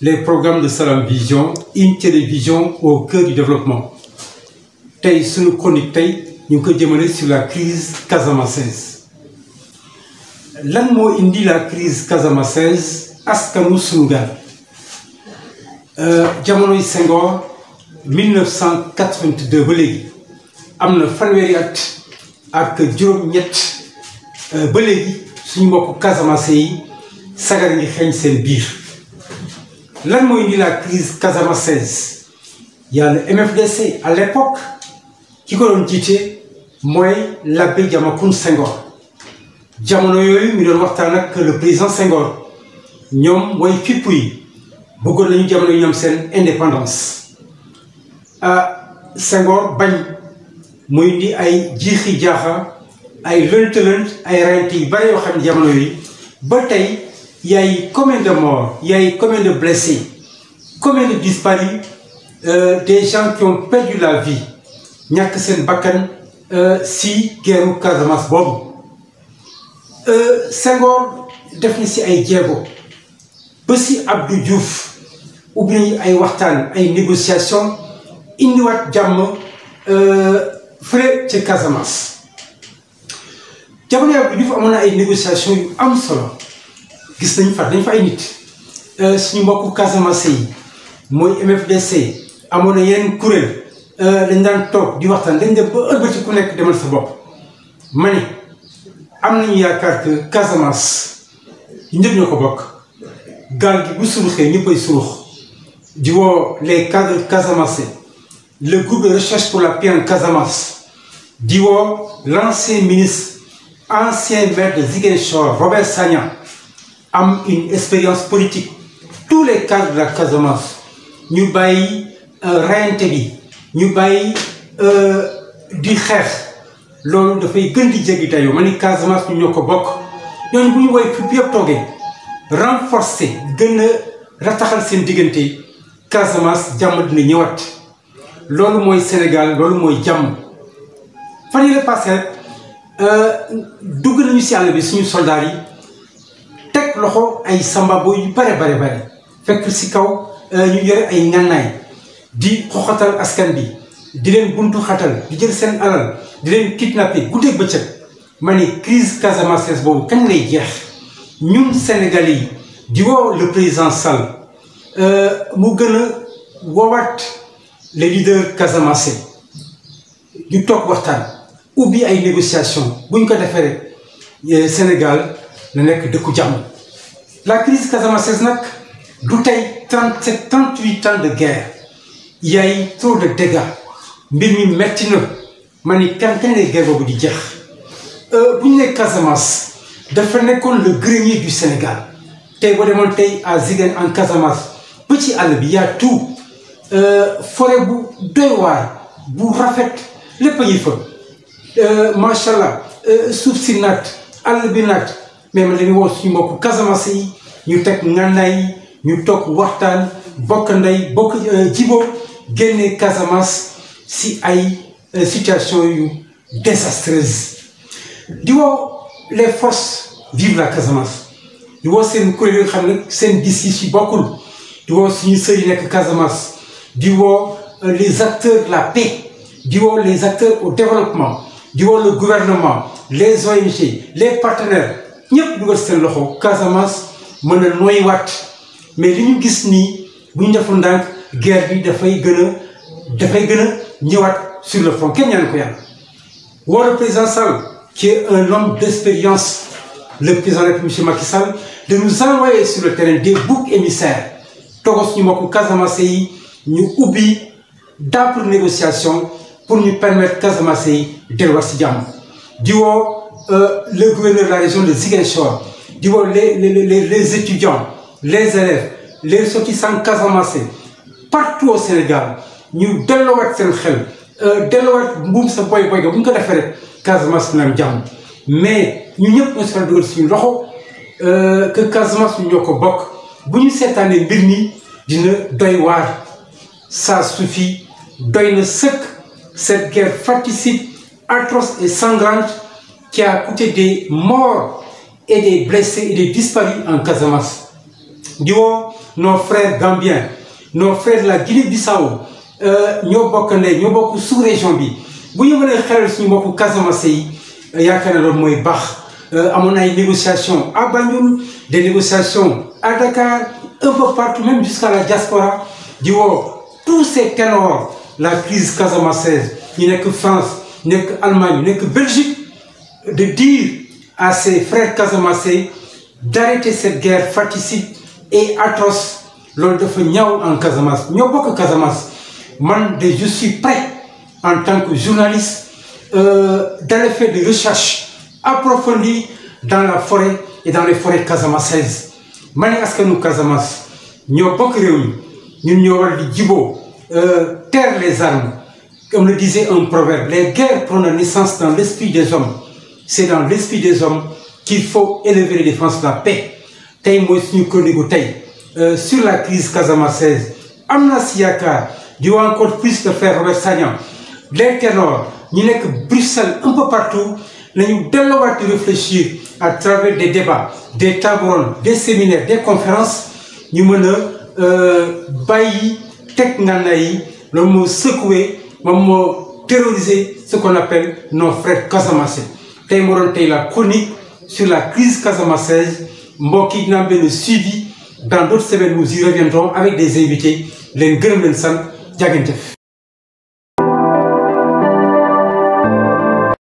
les programme de Salam Vision une télévision au cœur du développement tey suñu chronique tey ñu ngi ko jëmale sur la crise casamançaise lan moo indi la crise casamançaise askanu suñu gaal euh, jamonoy Senghor 1982 ba léegi am na fanweeri at ak juróom-ñett euh, ba léegi suñu mbokk casamançais yi sagar ngi xeeñ seen biir lan mooy indi la crise casamançaise y a le MFDC à l'époque ki ko doon jiite mooy l'abbé Diamacoune Senghor jamono yooyu mi doon waxtaan ak le président Senghor ñoom mooy fipp yi bëggoon nañu jamono yi ñoom seen indépendance ah Senghor bañ mu indi ay jiixi jaaxa ay lënt-lënt ay rent yi bari yoo xam ne jamono yi ba tey il y de morts, il y a eu de blessés, combien de disparus, euh, des gens qui ont perdu la vie. ñàkk seen bakkan euh, si guerru Casamance boobu euh, Senghor def na si ay jéego ba si Abdou Diouf ubbi ay waxtaan ay négociation indiwaat jàmm euh, fële ci Casamance jamono Abdou Diouf amoon na ay négociation yu am solo gis nañ fa dañ fa ay nit euh, suñu mbokku Casamance yi mooy MFDC amoon na yeneen kuréel euh, dañ daan toog di waxtaan dañ dem ba ëllëg ku nekk demal sa bopp ma ne am nañu yaakaar que Casamance ñëpp ñoo ko bokk gaal gi bu suruxee ñëppay surux di woo les cadres casamançais le groupe de recherche pour la paix en Casamance di woo l'ancien ministre ancien maire de Robert Sagna am une expérience politique tous les cadres de ñu bàyyi euh, reyante bi ñu bàyyi euh, di xeex loolu dafay gën di jéggi dayoo ma ni Casamance ñu ñoo ko bokk ñooñu bu ñu woy fi yëpp toogee renforcer gën a rataxal seen diggante Casamance jàmm dina ñëwat loolu mooy Sénégal loolu mooy jàmm fan yi la passé rek euh, dugg nañu si àll bi suñu soldats yi loxo ay sambabo yu bare bare bare fekk si kaw euh, ñu yore ay ngànnaay di xoxatal askan bi di leen buntu xatal di jël seen alal di leen kidnappé guddeeg bëccëg ma ne crise Casamance boobu kañ lay jeex ñun Sénégalais yi di woo le président Sall euh, mu gën a woowaat les leaders Casamance ñu toog waxtaan ubbi ay négociations buñ ko defaree rek euh, Sénégal na nekk dëkku jàmm. la crise casamançaise nag du tey trente sept trente huit ans de guerre yaay trop de dégâts mbir mi metti na ma ni kan kañ lay guerre boobu di jeex euh, bu ñu nee Casamance dafa nekkoon le grenier du Sénégal tey boo demoon tey à Ziguinne en Casamance ba ci àll bi y a tout euh, forêt bu doy waar bu rafet lépp a ngi fa euh, suuf si naat àll bi nat mais ma leen woo suñu mbokku Casamance yi. ñu teg ngànnaay ñu toog waxtaan bokk ndey bokk euh, jibo génne Casamance si ay euh, situation yu désastreuse di les forces vive la Casamance di woo seen kuréel yoo xam ne seen gis-gis bokkul di si suñu sër nekk Casamance di woo euh, les acteurs la paix di les acteurs au développement di le gouvernement les ONG les partenaires ñëpp dugal seen loxo Casamance mën a noyyiwaat mais li ñu gis nii bu ñu deful ndànk guerre bi dafay gën a dafay gën a ñëwaat sur le front kenn ñaan ko yàlla. woo le président Sall qui est un homme d'expérience le président rek monsieur Macky Sall de nous envoyer sur le terrain des boucs émissaires togos ñu mbokku Casamance yi ñu ubbi d'âpres négociations pour ñu permettre Casamance yi delluwaat si jàmm di woo euh, le gouverneur la région de Ziguinchor. tu vois les les les étudiants les élèves les ressortissants casamançais partout au Sénégal ñu delluwaat seen xel euh, delluwaat mbuum sa boy boy ga bu ñu ko defee rek Casamance dina am jàmm mais ñu ñëpp on se dugal suñu loxo euh, que Casamance ñu ñoo ko bokk bu ñu seetaanee mbir mi dina doy waar ça suffit doy na sëkk cette guerre fratricide atroce et sanglante qui a coûté des et des blessés et des disparus en Casamance di woo nos frères gambiens nos frères de la Guinée-Bissau euh, ñoo bokk ndey ñoo bokk sous-région bi bu ñu mënee xelal suñu mbokku Casamance yi yaakaar na loolu mooy baax euh, amoon ay négociations à Banjul des négociations à Dakar un peu partout même jusqu'à la diaspora di woo tous ces ténors la crise casamançaise ñu nekk France nekk Allemagne nekk Belgique de dire à ses frères casamançais d'arrêter cette guerre fratricide et atroce loolu dafa ñaaw en Casamance ñoo bokk Casamance man de je en tant que journaliste euh, d'aller faire des recherches approfondies dans la forêt et dans les forêts casamançaises ma ne askanu Casamance ñoo bokk réew mi ñun ñoo war di jiboo euh, taire les armes comme le disait un proverbe les guerres prennent naissance dans l'esprit des hommes c'est dans l'esprit des hommes qu'il faut élever les défenses de la paix tey mooy suñu chronique tey euh, sur la crise casamançaise Amnesty Yaakaar di wax encore plus de faire Robert Sagna les ténors ñu nekk Bruxelles un peu partout nañu delluwaat di réfléchir à travers des débats des tables rondes des séminaires des conférences ñu mën a euh, bàyyi teg ngànna yi loolu moo secoué moom moo terroriser ce qu'on appelle nos frères casamançais tey moo doon la chronique sur la crise casamassaise mbokk yi dina am benn suivi dans d'autres semaines nous y avec des invités leen gërëm leen sant jaa